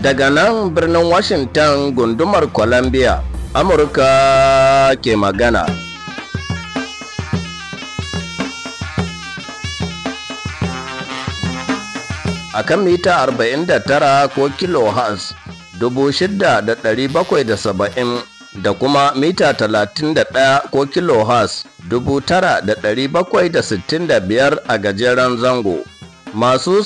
daga nan birnin washington gundumar columbia amurka ke magana a kan mita 49 ko kilohertz 6,770 da kuma mita 31 ko da 9765 a gajeren zango. Masu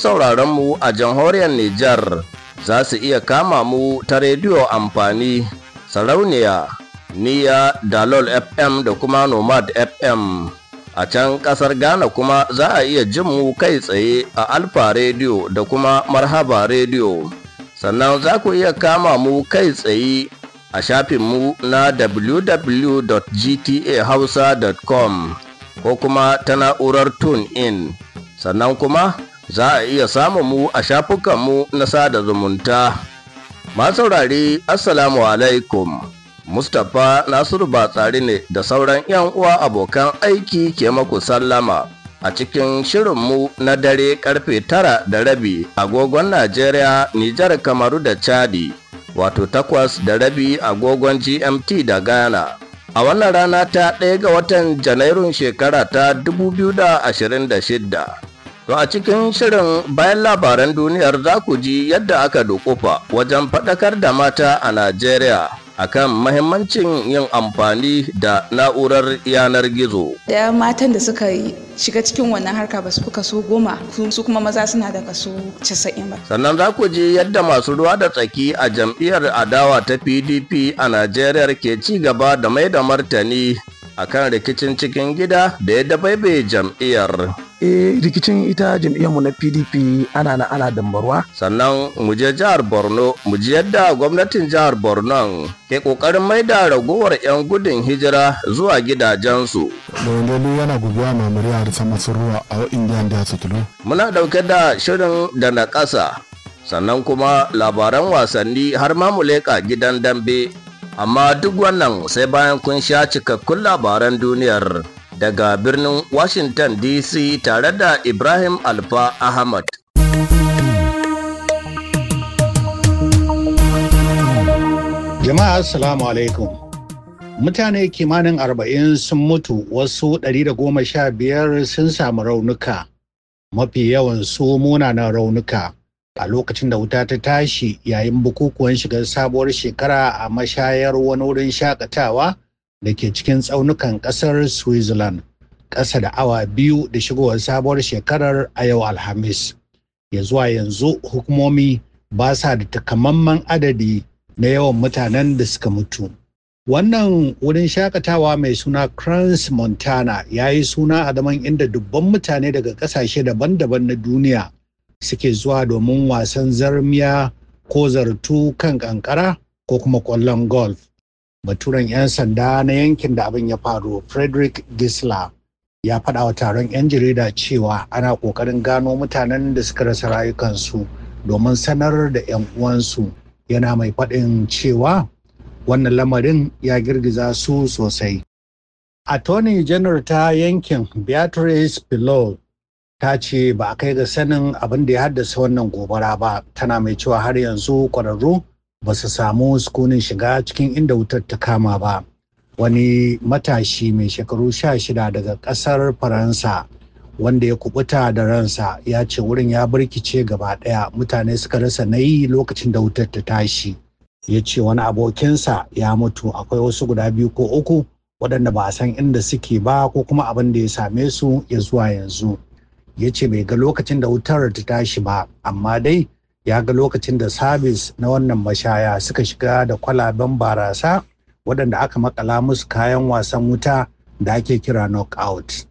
mu a jamhuriyar Nijar za su iya kama mu ta rediyo amfani sarauniya niya dalol fm da kuma nomad fm a can kasar ghana kuma za a iya jin mu kai tsaye a alfa rediyo da kuma marhaba rediyo sannan za ku iya kama mu kai tsaye a shafinmu na www.gtahausa.com ko kuma ta na'urar tune-in sannan kuma za a iya samun mu a shafukanmu na sada zumunta. masaurari assalamu alaikum mustapha nasiru batsari ne da sauran 'yan uwa abokan aiki ke maku sallama. a cikin shirinmu na dare karfe tara da rabi agogon Najeriya, Nijar, Kamaru da Chadi. wato takwas da rabi agogon GMT da Ghana. A wannan rana ta ɗaya ga watan Janairun shekara ta 2026. To a cikin shirin bayan labaran duniyar za ku ji yadda aka dukufa wajen faɗakar da mata a Najeriya. akan mahimmancin yin amfani da na'urar yanar gizo. Da matan da suka shiga cikin wannan harka ba su kaso goma su kuma maza suna da kaso casa'in ba. Sannan za ku ji yadda masu ruwa da tsaki a jam'iyyar adawa ta PDP a Najeriya ke ci gaba da mai da martani akan rikicin cikin gida da ya dabaibe jam'iyyar. eh rikicin ita mu na pdp ana na ana dambarwa sannan mu je jihar borno mu ji yadda gwamnatin jihar borno ke kokarin maida ragowar 'yan gudun hijira zuwa gidajensu dalilu yana guguwa murya a sama ruwa a indiyan da su tulo muna dauke da shirin da na ƙasa sannan kuma labaran wasanni har ma mu leƙa gidan dambe amma duk wannan sai bayan kun sha cikakkun labaran duniyar daga birnin Washington DC tare da Ibrahim Alfa Ahmad. Jama'a Assalamu alaikum. Mutane kimanin arba'in sun mutu wasu ɗari da goma sha biyar sun samu raunuka, mafi yawan su munanan raunuka. A lokacin da wuta ta tashi yayin bukukuwan shigar sabuwar shekara a mashayar wani wurin shakatawa da ke cikin tsaunukan ƙasar Switzerland ƙasa da awa biyu da shigowar sabuwar shekarar a yau Alhamis. Ya zuwa yanzu hukumomi ba sa da takamaiman adadi na yawan mutanen da suka mutu. Wannan wurin shakatawa mai suna Crans Montana ya yi suna a zaman inda dubban mutane daga ƙasashe daban-daban na duniya suke zuwa domin wasan zarmiya ko zartu kan kankara ko kuma ƙwallon golf. baturen 'yan sanda na yankin da abin ya faru frederick gisla ya faɗa wa taron 'yan jarida cewa ana ƙoƙarin gano mutanen da suka rasa rayukansu domin sanar da 'yan uwansu yana mai faɗin cewa wannan lamarin ya girgiza su sosai A Tony general ta yankin beatrice pillow ta ce ba a kai ga sanin abin da ya haddasa wannan gobara ba tana mai cewa har yanzu ƙwararru ba su samu sukunin shiga cikin inda wutar ta kama ba wani matashi mai shekaru sha shida daga ƙasar faransa wanda ya kubuta da ransa ya ce wurin ya birkice gaba ɗaya mutane suka rasa na yi lokacin da wutar ta tashi ya ce wani abokinsa ya mutu akwai wasu guda biyu ko uku waɗanda ba a san inda suke ba ko kuma abin da ya same su ya zuwa yanzu ya ce bai ga lokacin da wutar ta tashi ba amma dai ya ga lokacin da sabis na wannan mashaya suka shiga da kwalaben barasa waɗanda aka makala musu kayan wasan wuta da ake kira knockout.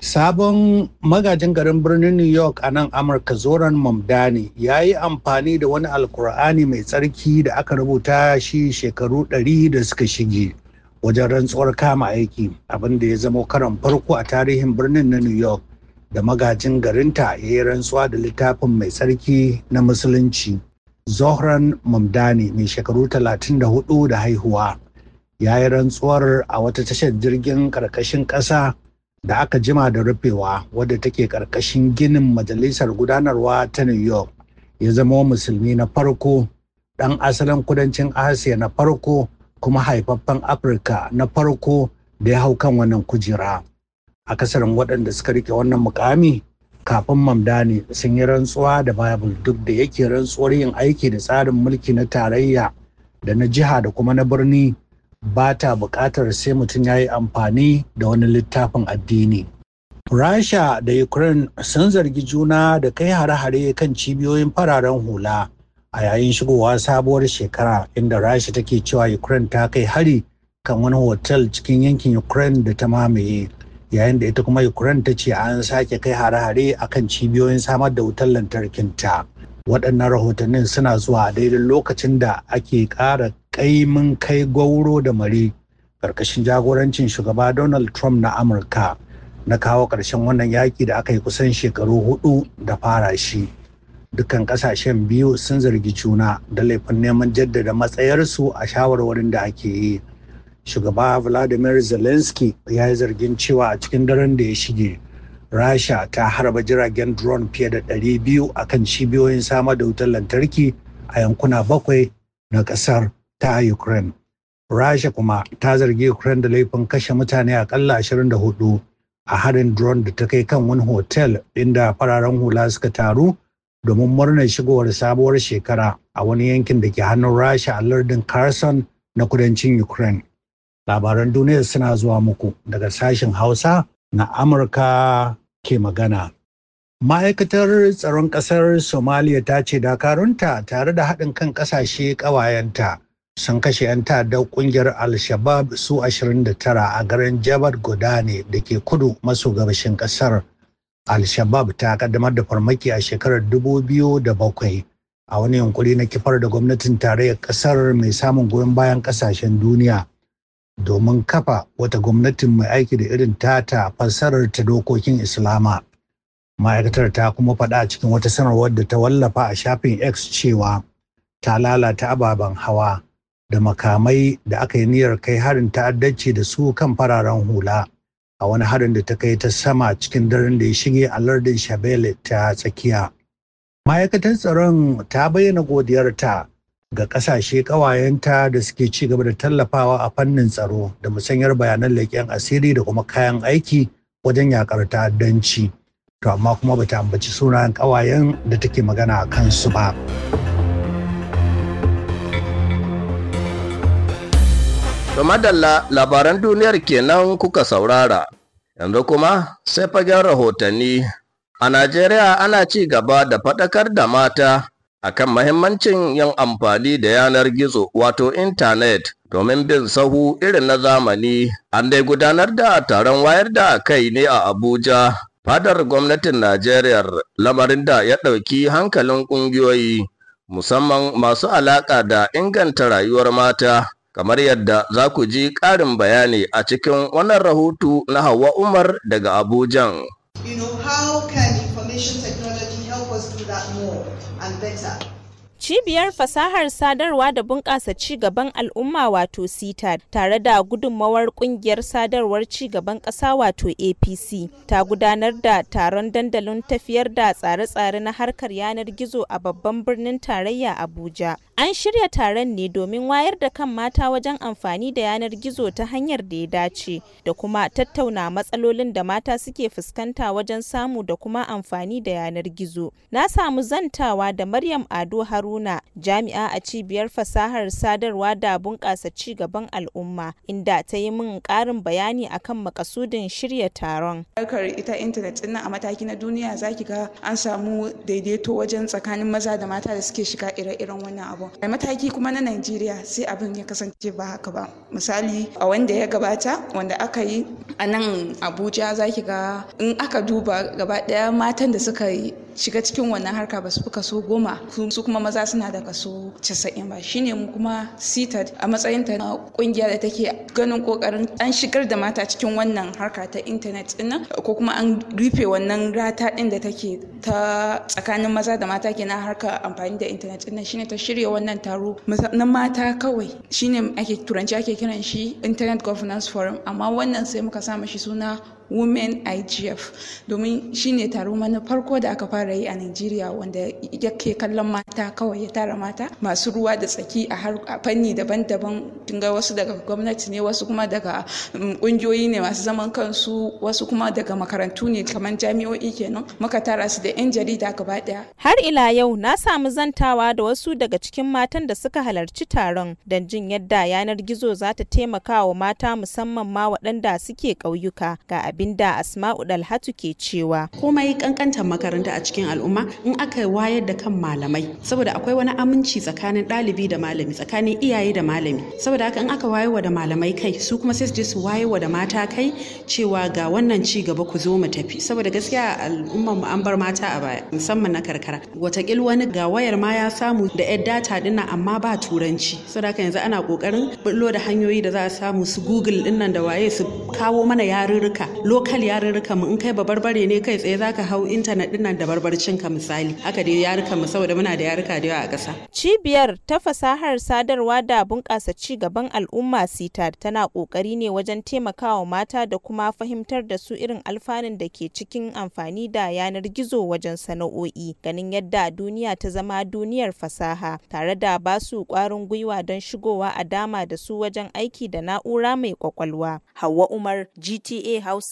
Sabon magajin garin birnin New York a nan Amurka Zoran Mamdani ya yi amfani da wani alkur'ani mai tsarki da aka rubuta shi shekaru ɗari da suka shige wajen rantsuwar kama aiki abinda ya zama karon farko a tarihin birnin na New York da magajin garinta ya yi rantsuwa da littafin mai tsarki na musulunci zohran mamdani mai shekaru 34 da haihuwa ya yi rantsuwar a wata tashar jirgin karkashin ƙasa da aka jima da rufewa wadda take karkashin ginin majalisar gudanarwa ta new york ya zama musulmi na farko ɗan asalin kudancin asiya na farko kuma haifaffen afirka na farko da ya hau kan wannan kujera A kasar waɗanda suka rike wannan mukami kafin mamdani sun yi rantsuwa da bible duk da yake rantsuwar yin aiki da tsarin mulki na tarayya da na jiha da kuma na birni ba ta buƙatar sai mutum ya yi amfani da wani littafin addini rasha da ukraine sun zargi juna da kai hare-hare kan cibiyoyin fararen hula a yayin shigowa sabuwar shekara inda rasha take cewa ukraine ta kai hari kan wani hotel cikin yankin ukraine da ta mamaye yayin da ita kuma ukraine ta ce an sake kai hare-hare akan cibiyoyin samar da wutar lantarkinta waɗannan rahotannin suna zuwa daidai lokacin da ake ƙara ƙaimin kai gwauro da mari. ƙarƙashin jagorancin shugaba donald trump na amurka na kawo ƙarshen wannan yaƙi da aka yi kusan shekaru hudu da fara shi dukkan ƙasashen biyu sun zargi juna da laifin neman jaddada matsayarsu a shawarwarin da ake yi shugaba vladimir zelensky ya yi zargin cewa a cikin daren da ya shige rasha ta harba jiragen drone fiye da 200 a kan cibiyoyin samar da wutar lantarki a yankuna bakwai na ƙasar ta ukraine rasha kuma ta zargi ukraine da laifin kashe mutane akalla 24 a harin drone da ta kai kan wani hotel inda fararen hula suka taru domin murnar shigowar sabuwar shekara a wani yankin da ke hannun rasha a lardin carson na kudancin ukraine Labaran duniya suna zuwa muku daga sashen Hausa na Amurka ke magana. Ma'aikatar tsaron ƙasar Somaliya ta ce dakarunta tare da haɗin kan ƙasashe ƙawayenta sun kashe 'yan ta'addar ƙungiyar Al-Shabab su 29 a garin jabar Godane da ke kudu maso gabashin ƙasar. Al-Shabab ta kaddamar da farmaki a shekarar 2007 a wani yunkuri na kifar da gwamnatin tarayyar ƙasar mai samun goyon bayan ƙasashen duniya. domin kafa wata gwamnatin mai aiki da irin tata fassarar ta dokokin Islama. Ma'aikatar ta kuma faɗa cikin wata sanarwar da ta wallafa a shafin X cewa ta lalata ababen hawa da makamai da aka yi niyyar kai harin ta'addanci da su kan fararen hula a wani harin da ta kai ta sama cikin daren da ya shige a lardin Shabelle ta tsakiya. Ma'aikatar tsaron ta bayyana godiyarta ga ƙasashe, ƙawayenta da suke ci gaba da tallafawa a fannin tsaro da musanyar bayanan leƙen asiri da kuma kayan aiki wajen yakar ta'addanci to amma kuma bata ambaci sunayen ƙawayen da take magana a kansu ba to madalla labaran duniyar kenan kuka saurara yanzu kuma sai fagen rahotanni a najeriya ana ci gaba da faɗakar da mata akan mahimmancin yin amfani da yanar gizo wato intanet domin bin sahu irin na zamani an dai gudanar da taron wayar da kai ne a abuja fadar gwamnatin najeriya lamarin da ya ɗauki hankalin ƙungiyoyi musamman masu alaƙa da inganta rayuwar mata kamar yadda za ku ji ƙarin bayani a cikin wannan rahoto na hawa umar daga Abuja. you know, information technology help us do that more and better. Cibiyar fasahar sadarwa da bunƙasa cigaban al'umma wato CTAD tare da gudunmawar ƙungiyar sadarwar ci gaban ƙasa wato APC ta gudanar da taron dandalin tafiyar da tsare-tsare na harkar yanar gizo a babban birnin tarayya Abuja An shirya taron ne domin wayar da kan mata wajen amfani da yanar gizo ta hanyar da ya dace da kuma tattauna matsalolin da mata suke fuskanta wajen samu da kuma amfani da yanar gizo. Na samu zantawa da Maryam Ado Haruna jami'a a cibiyar fasahar sadarwa da bunƙasa ci gaban al'umma inda ta yi min ƙarin bayani akan makasudin shirya taron. Harkar ita intanet ɗin a mataki na duniya zaki ga an samu daidaito wajen tsakanin maza da mata da suke shiga ire-iren wannan abu. a mataki kuma na najeriya sai abin ya kasance ba haka ba misali a wanda ya gabata wanda aka yi a nan abuja za ki ga in aka duba gaba daya matan da suka yi shiga cikin wannan harka ba su fi kaso goma su kuma maza suna da kaso casa'in ba shine mu kuma sitat a matsayin ta kungiya da take ganin kokarin an shigar da mata cikin wannan harka ta intanet dinnan ko kuma an rufe wannan rata din da take ta tsakanin maza da mata kenan harka amfani da intanet dinnan shine ta shirya wannan taro na mata kawai shine ake turanci ake kiran shi internet governance forum amma wannan sai muka sa mashi suna women igf domin shine taro na farko da aka fara yi a nigeria wanda yake kallon mata kawai ya tara mata masu ruwa da tsaki a fanni daban-daban ga wasu daga gwamnati ne wasu kuma daga kungiyoyi mm, ne masu zaman kansu wasu kuma daga makarantu ne kamar jami'o'i kenan muka tara su da 'yan jarida gaba daya har ila yau na samu zantawa da wasu daga cikin matan da suka halarci taron don jin yadda yanar gizo za ta taimaka wa mata musamman ma waɗanda suke ƙauyuka ga abin da Asma'u Dalhatu ke cewa. Komai kankantar makaranta a cikin al'umma in aka wayar da kan malamai saboda akwai wani aminci tsakanin ɗalibi da malami tsakanin iyaye da malami saboda haka in aka wayarwa da malamai kai su kuma sai su je su wayarwa da mata kai cewa ga wannan ci gaba ku zo mu tafi saboda gaskiya al'umma mu an bar mata a baya musamman na karkara watakil wani ga wayar ma ya samu da yar data dinnan amma ba turanci saboda haka yanzu ana kokarin bullo da hanyoyi da za a samu su google dinnan da waye su kawo mana yarurruka lokal yarurruka mu in kai ba barbare ne kai tsaye zaka hau intanet din nan da barbarcin ka misali haka dai yarurruka mu saboda muna da yarurruka da yawa a ƙasa cibiyar ta fasahar sadarwa da bunƙasa ci gaban al'umma sita tana ƙoƙari ne wajen taimakawa mata da kuma fahimtar da su irin alfanun da ke cikin amfani da yanar gizo wajen sana'o'i ganin yadda duniya ta zama duniyar fasaha tare da ba su ƙwarin gwiwa don shigowa a dama da su wajen aiki da na'ura mai kwakwalwa hawa umar gta house.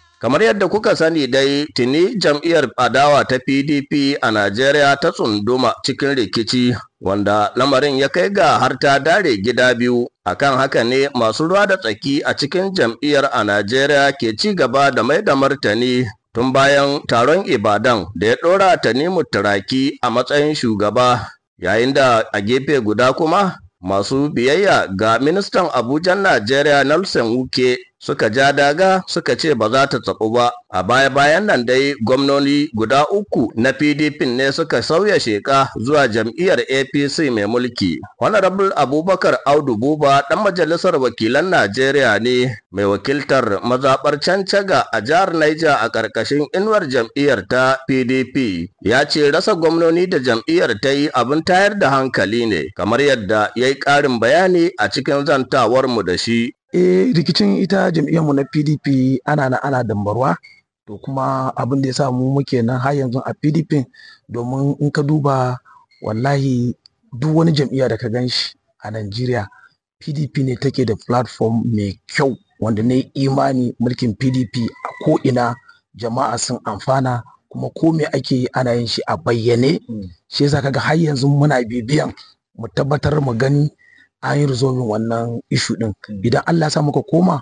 Kamar yadda kuka sani dai, tuni jam'iyyar adawa ta PDP a Najeriya ta tsunduma cikin rikici, wanda lamarin ya kai ga har ta dare gida biyu. Akan haka ne masu ruwa da tsaki a cikin jam'iyyar a Najeriya ke ci gaba da mai da martani tun bayan taron Ibadan da ya ɗora mu Turaki a matsayin shugaba, yayin da a gefe guda kuma masu biyayya ga ministan Abuja Najeriya Nelson Wuke suka ja daga suka ce ba za ta tsaku ba a baya-bayan nan dai gwamnoni guda uku na pdp ne suka sauya sheka zuwa jam'iyyar apc mai mulki honorable abubakar audu buba ɗan majalisar wakilan najeriya ne mai wakiltar mazaɓar cancaga a jihar niger a ƙarƙashin inuwar jam'iyyar ta pdp ya ce rasa gwamnoni da jam'iyyar ta yi abin tayar da hankali ne kamar yadda ya yi ƙarin bayani a cikin zantawar mu da shi eh rikicin ita jam'iyyarmu na PDP ana na ana dambarwa to kuma abin da ya sa mu muke nan har yanzu a PDP domin in ka duba wallahi duk wani jam'iyya da ka gan shi a Najeriya PDP ne take da platform mai kyau wanda na imani mulkin PDP a ko ina jama'a sun amfana kuma ko me ake yi ana yin shi a bayyane mm. shi yasa kaga har yanzu muna bibiyan mu tabbatar mu gani an yi resolving wannan ishu din idan Allah ya sa muka koma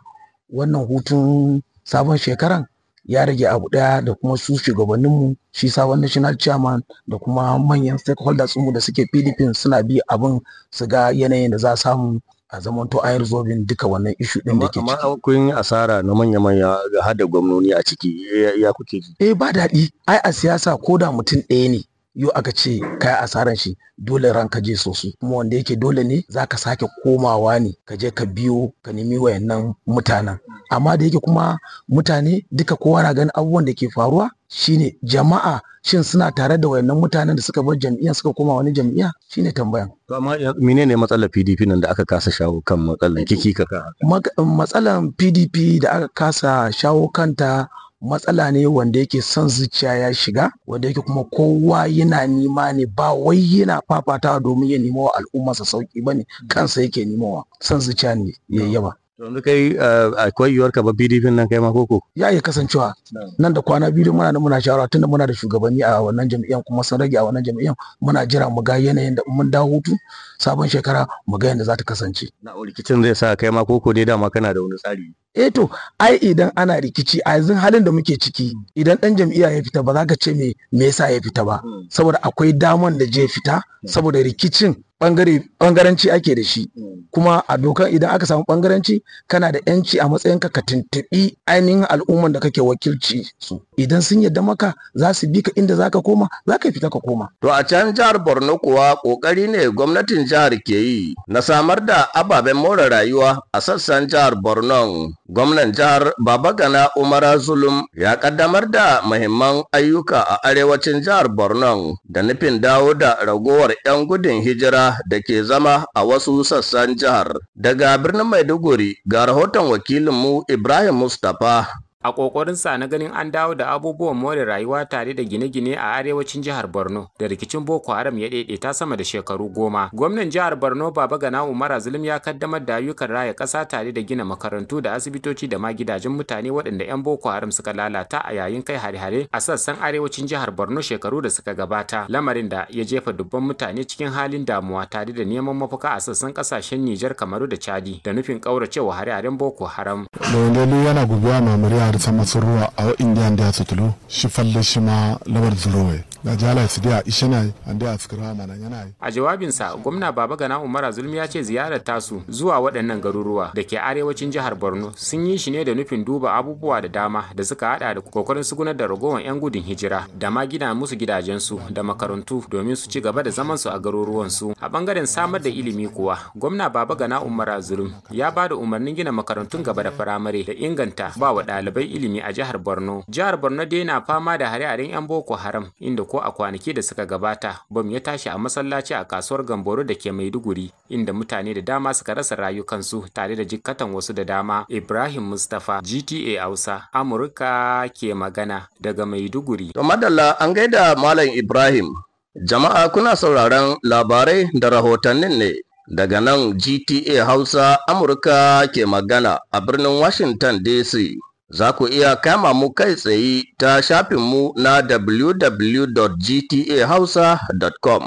wannan hutun sabon shekaran ya rage abu daya da kuma su shugabanninmu shi sabon national chairman da kuma manyan stakeholders mu da suke philippines suna bi abin su ga yanayin da za samu a zaman to an resolving duka wannan issue din da ke ciki amma kun asara na manya manya ga hada gwamnoni a ciki ya kuke ji eh ba daɗi ai a siyasa ko da mutum ɗaya ne yau aka ce kai asaran shi dole ran ka je su kuma wanda yake dole ne za ka sake komawa ne ka je ka biyo ka nemi wayannan mutanen amma da yake kuma mutane duka kowa na ganin abubuwan da ke faruwa shine jama'a shin suna tare da wayannan mutanen da suka bar jam'iyyar suka koma wani jam'iyya shine tambayan to amma eh, menene matsalar PDP nan da aka kasa shawo kan matsalar kiki kaka matsalar PDP da aka kasa shawo kanta matsala ne wanda yake son zuciya ya shiga wanda yake kuma kowa yana nima ne ba wai yana fafatawa domin ya nemo wa al'ummarsa sauki ne, mm. kansa yake nemowa son zuciya ne ya yaba yanzu kai eh, akwai yiwuwar ka ba PDP nan kai ma koko ya iya kasancewa nan da kwana biyu muna da muna shawara tunda muna da shugabanni a wannan jami'an kuma sun rage a wannan jami'an muna jira mu ga yanayin da mun dawo hutu sabon shekara mu ga yadda za ta kasance na rikicin zai sa kai ma koko dai dama kana da wani tsari eh to ai idan ana rikici a yanzu halin da muke ciki idan dan jami'a ya fita ba za ka ce me me yasa ya fita ba hmm. saboda akwai daman da je fita hmm. saboda rikicin ɓangaranci ake da shi mm. kuma a dokan idan aka samu ɓangaranci kana da yanci a matsayinka ka tuntuɓi ainihin al'umman da kake wakilci su idan sun yarda maka za su bi ka inda zaka koma zaka fita ka koma to a can jihar Borno kuwa ƙoƙari ne gwamnatin jihar ke yi na samar da ababen more rayuwa a sassan jihar Borno gwamnan jihar Babagana Umara Zulum ya kaddamar da muhimman ayyuka a arewacin jihar Borno da nufin dawo da ragowar 'yan gudun hijira da ke zama a wasu sassan jihar daga birnin Maiduguri ga rahoton wakilinmu Ibrahim Mustapha a ƙoƙarinsa na ganin an dawo da abubuwan more rayuwa tare da gine-gine a arewacin jihar Borno da rikicin Boko Haram ya ta sama da shekaru goma. Gwamnan jihar Borno Baba Gana Umar Zulum ya kaddamar da ayyukan raya ƙasa tare da gina makarantu da asibitoci da ma gidajen mutane waɗanda 'yan Boko Haram suka lalata a yayin kai hare-hare a sassan arewacin jihar Borno shekaru da suka gabata, lamarin da ya jefa dubban mutane cikin halin damuwa tare da neman mafaka a sassan ƙasashen Nijar, Kamaru da Chadi da nufin ƙauracewa hare-haren Boko Haram. yana guguwa mamuriya da sama a wa indiya da ya shi falle shi ma labar zurowe da jala su da ishe na an da mana yana a jawabinsa gwamna baba gana umara zulmi ya ce ziyarar tasu zuwa waɗannan garuruwa da ke arewacin jihar borno sun yi shi ne da nufin duba abubuwa da dama da suka hada da kokarin sugunar da ragowar yan gudun hijira da ma gina musu gidajensu da makarantu domin su ci gaba da zaman su a garuruwan su a bangaren samar da ilimi kuwa gwamna baba gana umara zulum ya ba da umarnin gina makarantun gaba da firamare da inganta ba wa ɗalibai ɗaliban ilimi a jihar Borno. Jihar Borno dai na fama da hare-haren 'yan Boko Haram inda ko a kwanaki da suka gabata bom ya tashi a masallaci a kasuwar Gamboro da ke Maiduguri inda mutane da dama suka rasa rayukansu tare da jikkatan wasu da dama. Ibrahim Mustapha GTA Hausa Amurka ke magana daga Maiduguri. To madalla an gaida Malam Ibrahim. Jama'a kuna sauraron labarai da rahotannin ne daga nan GTA Hausa Amurka ke magana a birnin Washington DC. za ku iya kama mu kai tsaye ta shafinmu na www.gtahausa.com.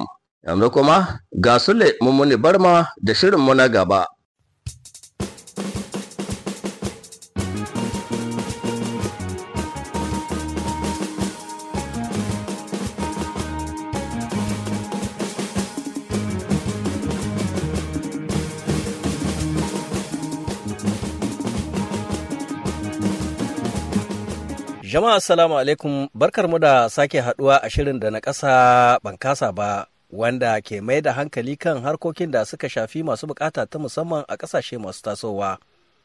Yanzu kuma ga Sule Mummuni Barma da shirinmu na gaba. Jama'a salamu alaikum barkar mu da sake haduwa a shirin da na ƙasa bankasa ba wanda ke mai da hankali kan harkokin da suka shafi masu bukata ta musamman a ƙasashe masu tasowa.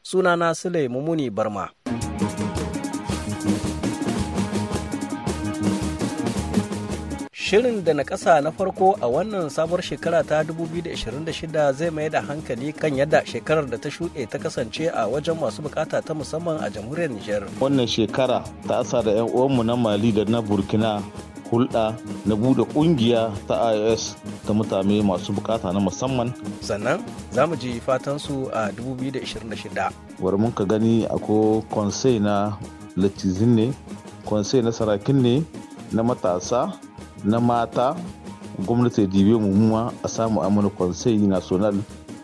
Sunana Sule Mumuni Barma. Shirin da na ƙasa na farko a wannan sabuwar shekara ta 2026 zai mai da hankali kan yadda shekarar da ta shuɗe ta kasance a wajen masu bukata ta musamman a jamhuriyar Nijar. Wannan shekara ta asa da 'yan uwanmu na Mali da na Burkina hulɗa na bude ƙungiya ta ios ta mutane masu bukata na musamman sannan za mu ji su a 2026 Wari mun ka gani akwai konsai na latizin ne na sarakin ne na matasa na mata gwamnati dibe mu a samu amana conseil national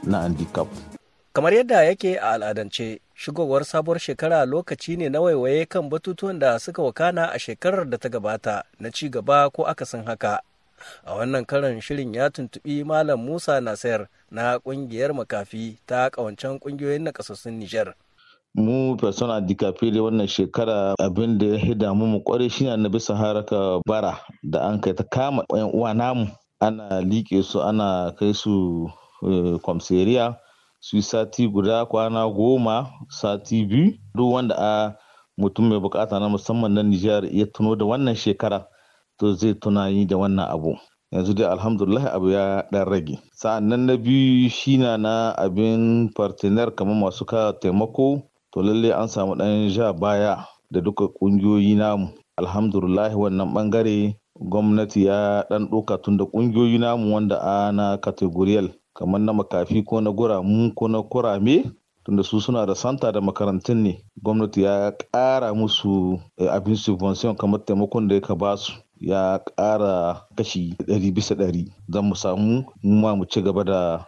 na handicap kamar yadda yake a al'adance shigowar sabuwar shekara lokaci ne na waiwaye kan batutuwan da suka wakana a shekarar da ta gabata na ci gaba ko akasin haka a wannan karan shirin ya tuntubi malam musa nasir na kungiyar makafi ta kawancen kungiyoyin nakasassun nijar mu persona dikapile wannan shekara abin da ya damu mu kware shi na bisa haraka bara da an kai ta kama yan uwa namu ana liƙe su ana kai su eh, kwamseriya su sati guda kwana goma sati biyu duk wanda a mutum mai bukata na musamman na Nijar ya tuno da wannan shekara to zai tuna tunani da wannan abu yanzu dai alhamdulillah abu ya dan rage sa'annan na biyu shina na abin partner kamar masu ka taimako to lalle an samu ɗan ja baya da duka ƙungiyoyi namu alhamdulillah wannan ɓangare gwamnati ya ɗan ɗauka tun da ƙungiyoyi namu wanda ana kategoriyal kamar na makafi ko na guramu ko na kurame tunda su suna da santa da makarantun ne gwamnati ya ƙara musu eh, abin subvention kamar taimakon da ya ka su ya ƙara kashi ɗari bisa ɗari don mu samu mu ma mu ci gaba da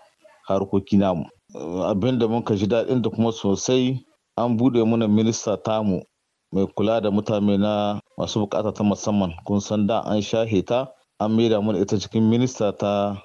harkoki namu eh, abin da ka ji daɗin da kuma sosai an buɗe mana minista tamu mai kula da mutane na masu bukata ta musamman kun san da an shahe ta an maida mana ita cikin minista ta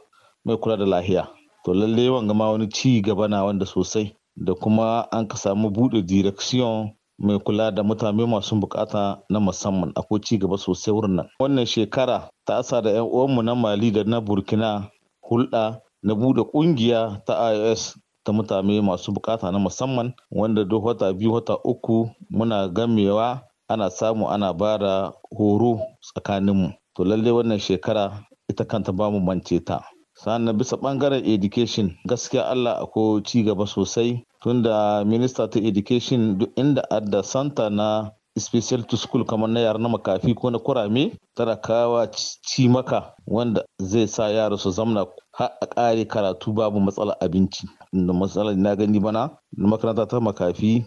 mai kula da lahiya to lalle wanga ma wani ci gaba na wanda sosai da kuma an ka samu buɗe direction mai kula da mutane masu bukata na musamman akwai ci gaba sosai wurin nan wannan shekara ta asa da yan uwanmu na mali da na burkina hulɗa na buɗe ƙungiya ta ios ta mutane masu bukata na musamman wanda duk wata biyu wata uku muna gamewa ana samu ana bara horo tsakaninmu to lalle wannan shekara ita kanta bamu mance ta sannan bisa bangaren education gaskiya allah akwai ci gaba sosai tunda minista ta education duk inda adda santa na special to school kamar na yara na makafi ko na kurame tana kawa ci maka wanda zai sa yara su zamna har a kare karatu babu matsala abinci da matsalar na gani bana makaranta ta makafi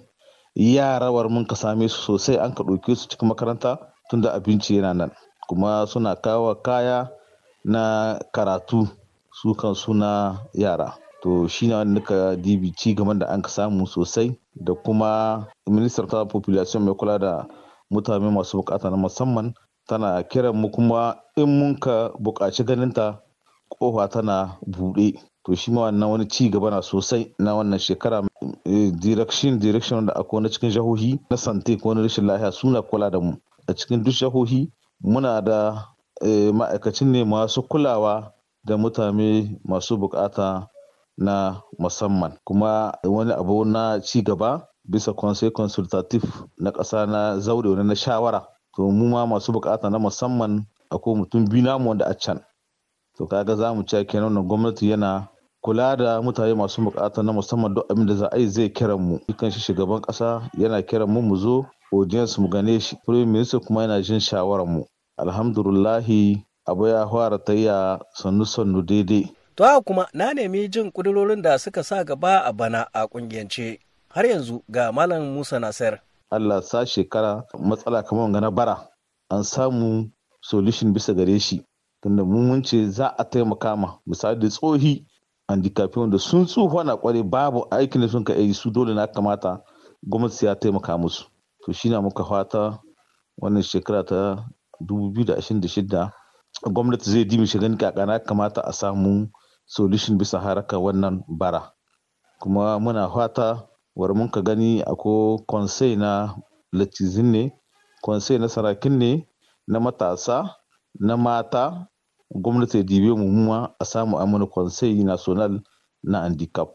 yarawar mun ka same su sosai an ka ɗauke su cikin makaranta tunda abinci yana nan kuma suna kawo kaya na karatu su kan suna yara to shi na nika dibi ci gaban da an ka samu sosai da kuma ministar ta population mai kula da mutane masu bukata na musamman tana kiran mu kuma in mun ka buƙaci ganinta ƙofa tana buɗe to shi ma wannan wani ci gaba na sosai na wannan shekara eh, direction direction da akwai na cikin jahohi na sante ko na rashin lafiya suna kula da mu a cikin duk jahohi muna da eh, ma'aikacin ne masu kulawa da mutane masu bukata na musamman kuma wani abu na ci gaba bisa conseil consultatif na ƙasa na zaure wani na shawara to mu ma masu bukata na musamman akwai mutum biyu namu wanda a can to kaga zamu mu cewa kenan gwamnati yana kula da mutane masu bukata na musamman duk abin da za a yi zai kiran mu kan shi shugaban kasa yana kiran mu mu zo audience mu gane shi prime minister kuma yana jin shawarar mu alhamdulillahi abu ya fara tayya sannu sannu daidai to kuma na nemi jin kudurorin da suka sa gaba a bana a kungiyance har yanzu ga malam musa nasir allah sa shekara matsala kamar gana bara an samu solution bisa gare shi tunda mun ce za a taimaka ma misali tsohi handicapin wanda sun tsufa na kware babu aikin da sun ka yi su dole na kamata gwamnati ya taimaka musu to shi na muka fata wannan shekara ta 2026 gwamnati zai dimi shi gani na kamata a samu solution bisa haraka wannan bara kuma muna fata war mun ka gani ako konsai na latizin ne konsai na sarakin ne na matasa na mata gwamnati ya dibe mu a samu amana conseil national na handicap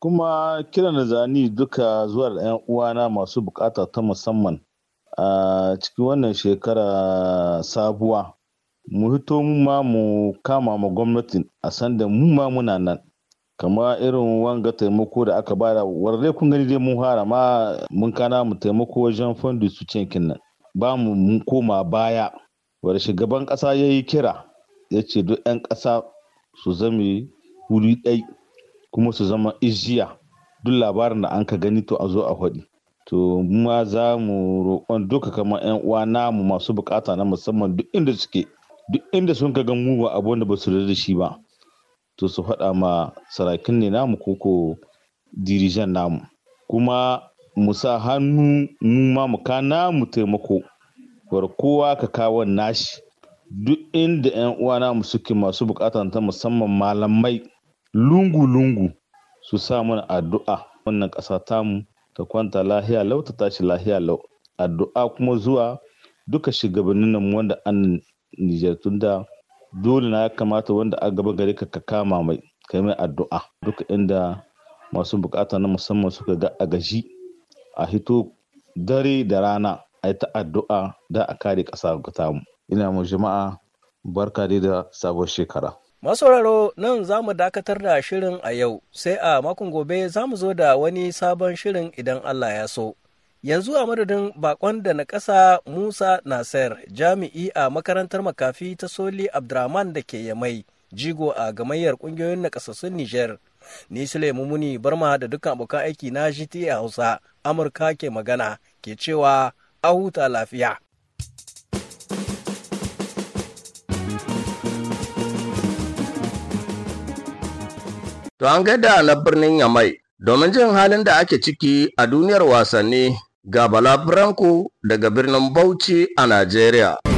kuma kiran na zani duka zuwa da 'yan uwana masu bukata ta musamman a cikin wannan shekara sabuwa mu hito mu ma mu kama ma gwamnatin a sanda mu ma muna nan kama irin wanga taimako da aka bada warre kun gani dai mun fara ma mun kana mu taimako wajen fondi su cinkin nan ba mu mun koma baya wadda shugaban kasa ya yi kira ya ce duk 'yan ƙasa su zame wuri ɗai kuma su zama ijiya duk labarin da an ka gani to a zo a faɗi to ma za mu roƙon duka kaman 'yan uwa namu masu bukata na musamman duk inda suke duk inda sun ka gan mu abu wanda ba su da shi ba to su faɗa ma sarakin ne namu ko ko dirijan namu kuma mu sa hannu mu ma mu ka namu taimako bar kowa ka kawo nashi duk inda 'yan uwana mu suke masu bukatan ta musamman malamai lungu-lungu su sa mana addu'a wannan ƙasa tamu ta kwanta lahiya lau ta tashi lahiya lau addu'a kuma zuwa duka shugabannin nan wanda an Nijar da dole na ya kamata wanda a gaba gare ka ka kama mai kai mai addu'a duka inda masu bukata na musamman suka ga a gaji a hito dare da rana a ta addu'a da a kare ƙasa ga tamu. ina mu jima'a barka dai da sabon shekara. Masauraro nan za mu dakatar da shirin a yau sai a makon gobe za mu zo da wani sabon shirin idan Allah ya so. Yanzu a madadin bakon da na ƙasa Musa Nasir jami'i a makarantar makafi ta Soli Abdurrahman da ke Yamai jigo a gamayyar ƙungiyoyin na ƙasassun Nijar. Ni Sule Muni Barma da dukkan abokan aiki na GTA Hausa Amurka ke magana ke cewa a huta lafiya. To an gaida na birnin Yamai domin jin halin da ake ciki a duniyar wasanni ga Bala daga birnin Bauchi a Najeriya.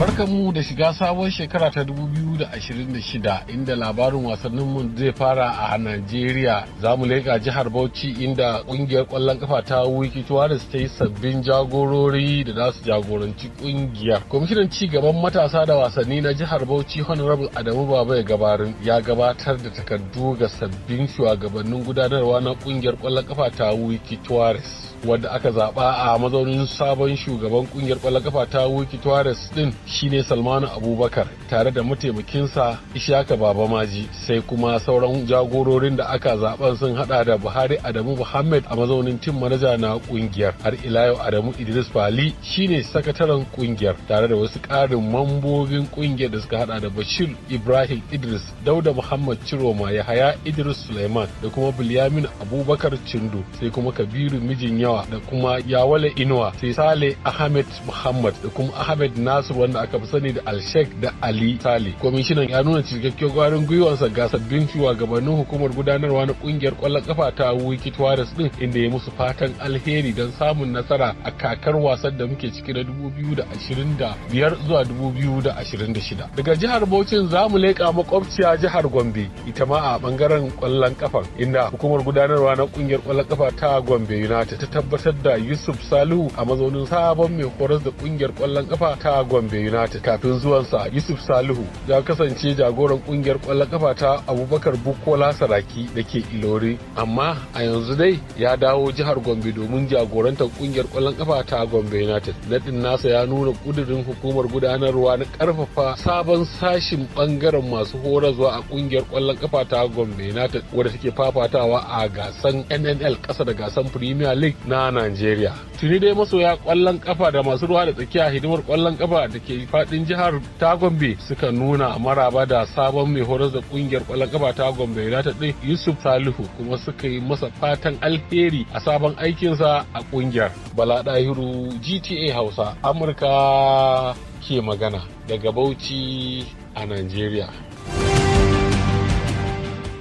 Barkamu da shiga sabon shekara ta 2026 inda labarin wasannin wasanninmu zai fara a Najeriya. Za mu leƙa jihar Bauchi inda ƙungiyar ƙwallon kafa ta Wiki Tuwaris ta yi sabbin jagorori da za su jagoranci ƙungiyar. Kwamishinan ci gaban matasa da wasanni na jihar Bauchi Honorable Adamu Baba ya gabarin ya gabatar da takardu ga sabbin shugabannin gudanarwa na ƙungiyar ƙwallon kafa ta Wiki Tuwaris. wadda aka zaba a mazaunin sabon shugaban kungiyar kwallon ta Wiki tuares din shine Salmanu Abubakar tare da mataimakinsa Ishaka Baba Maji sai kuma sauran jagororin da aka zaben sun hada da Buhari Adamu Muhammad a mazaunin tim manaja na kungiyar har ila yau Adamu Idris Fali shine sakataren kungiyar tare da wasu karin mambobin kungiyar da suka hada da Bashir Ibrahim Idris Dauda Muhammad Ciroma Yahaya Idris Suleiman da kuma Bilyamin Abubakar Cindo sai kuma Kabiru mijin yau Inuwa da kuma Yawale Inuwa sai Sale Ahmed Muhammad da kuma Ahmed Nasir wanda aka fi sani da Alshek da Ali Sale. Kwamishinan ya nuna cikakken gwarin gwiwansa ga sabbin gabanin hukumar gudanarwa na kungiyar kwallon kafa ta Wiki Tuwaris din inda ya musu fatan alheri don samun nasara a kakar wasan da muke ciki na 2025 zuwa 2026. Daga jihar Bauchin za mu leƙa makwabciya jihar Gombe ita ma a bangaren kwallon kafa inda hukumar gudanarwa na kungiyar kwallon kafa ta Gombe United tabbatar da Yusuf Salihu a mazaunin sabon mai horas da kungiyar kwallon kafa ta Gombe United. Kafin zuwansa Yusuf Salihu ya kasance jagoran kungiyar kwallon kafa ta Abubakar Bukola Saraki da ke Ilori amma a yanzu dai ya dawo jihar Gombe domin jagorantar kungiyar kwallon kafa ta Gombe United. Nadin nasa ya nuna kudirin hukumar gudanarwa na karfafa sabon sashin bangaren masu horaswa a kungiyar kwallon kafa ta Gombe United wadda take fafatawa a gasan NNL kasa da gasan Premier League na Najeriya. Tuni dai masoya kwallon kafa da masu ruwa da tsakiya hidimar kwallon kafa da ke fadin jihar ta Gombe suka nuna maraba da sabon mai horar da kungiyar kwallon kafa ta Gombe United din Yusuf Salihu kuma suka yi masa fatan alheri a sabon aikinsa a kungiyar. Bala Dahiru GTA Hausa Amurka ke magana daga Bauchi a Najeriya.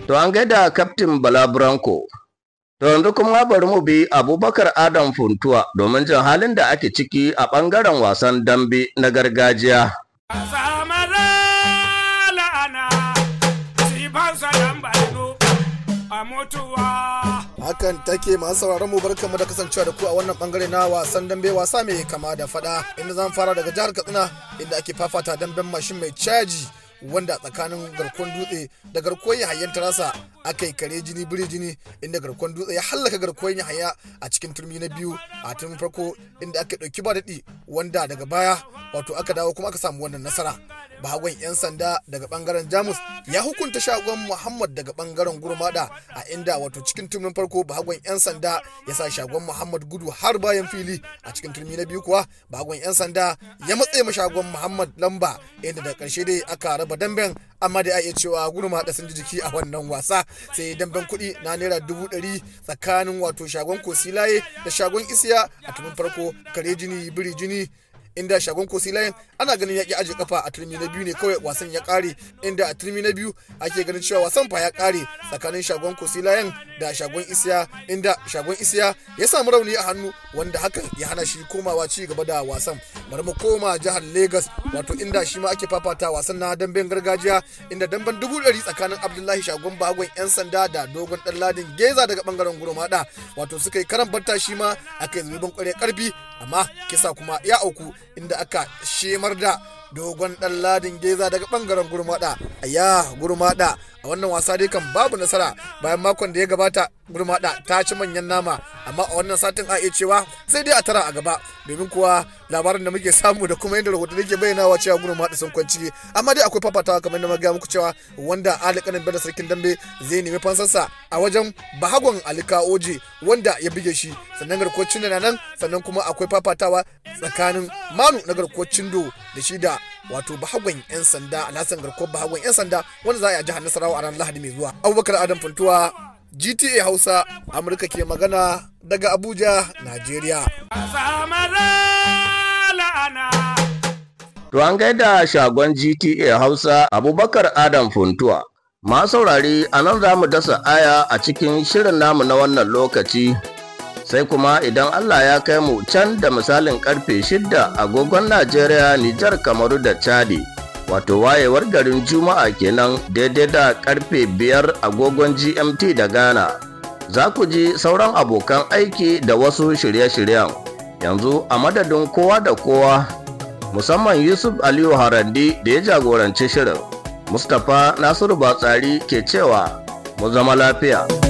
To an gaida Kaftin Bala Branko. To yanzu kuma bari mu bi Abubakar Adam Funtuwa domin jin halin da ake ciki a ɓangaren wasan dambe na gargajiya. hakan take masu sauraron mu da kasancewa da ku a wannan bangare na wasan dambe wasa mai kama da fada inda zan fara daga jihar Katsina inda ake fafata damben mashin mai caji wanda tsakanin garkon dutse da garkon yahayen tarasa aka yi kare jini biri jini inda garkon dutse ya hallaka garkon yahaya a cikin turmi na biyu a turmi farko inda aka ɗauki ba daɗi wanda daga baya wato aka dawo kuma aka samu wannan nasara bagon 'yan sanda daga bangaren jamus ya hukunta shagon muhammad daga bangaren gurmada a inda wato cikin turmin farko bagon 'yan sanda ya sa shagon muhammad gudu har bayan fili a cikin turmi na biyu kuwa bagon 'yan sanda ya matse ma shagon muhammad lamba inda da karshe dai aka raba damben amma da ya iya cewa gurmada sun ji jiki a wannan wasa sai damben kuɗi na naira dubu ɗari tsakanin wato shagon kosilaye da shagon isiya a turmin farko kare jini biri jini inda shagon kosi layan ana ganin ya ki aje kafa a turmi na biyu ne kawai wasan ya kare inda a turmi na biyu ake ganin cewa wasan fa ya ƙare tsakanin shagon kosi layan da shagon isiya inda shagon isiya ya samu rauni a hannu wanda hakan ya hana shi komawa ci gaba da wasan bari mu koma jihar lagos wato inda shi ma ake fafata wasan na damben gargajiya inda damben dubu ɗari tsakanin abdullahi shagon bagon yan sanda da dogon dan ladin geza daga bangaren gurmada wato suka yi karan bata shi ma aka yi zubin kware karfi amma kisa kuma ya auku inda aka shemar da dogon dan ladin geza daga bangaren gurmada ya gurmada a wannan wasa dai kan babu nasara bayan makon da ya gabata gurmada ta ci manyan nama amma a wannan satin a iya cewa sai dai a tara a gaba domin kuwa labarin da muke samu da kuma yadda rahoton yake bayyanawa cewa gurmada sun kwanci amma dai akwai fafatawa kamar yadda gaya muku cewa wanda alikanin bada sarkin dambe zai nemi fansarsa a wajen bahagon alika oje wanda ya buge shi sannan garkocin na nan sannan kuma akwai fafatawa tsakanin manu na garkocin do da shi da wato bahagon yan sanda alhassan garkuwar bahagon yan sanda wanda za a yi a jihar nasarawa a ranar lahadi mai zuwa abubakar adam funtuwa GTA Hausa Amurka ke magana daga Abuja, Najeriya. To an gaida shagon GTA Hausa Abubakar Adam Funtuwa. Ma saurari a nan za mu dasa aya a cikin shirin namu na wannan lokaci. Sai kuma idan Allah ya kai mu can da misalin karfe shidda agogon Najeriya, Nijar, Kamaru da Chadi. wato wayewar garin juma'a kenan daidai da karfe biyar agogon gmt da ghana za ku ji sauran abokan aiki da wasu shirye-shiryen yanzu a madadin kowa da kowa musamman yusuf aliyu harandi da ya jagoranci shirin mustapha nasiru batsari ke cewa mu zama lafiya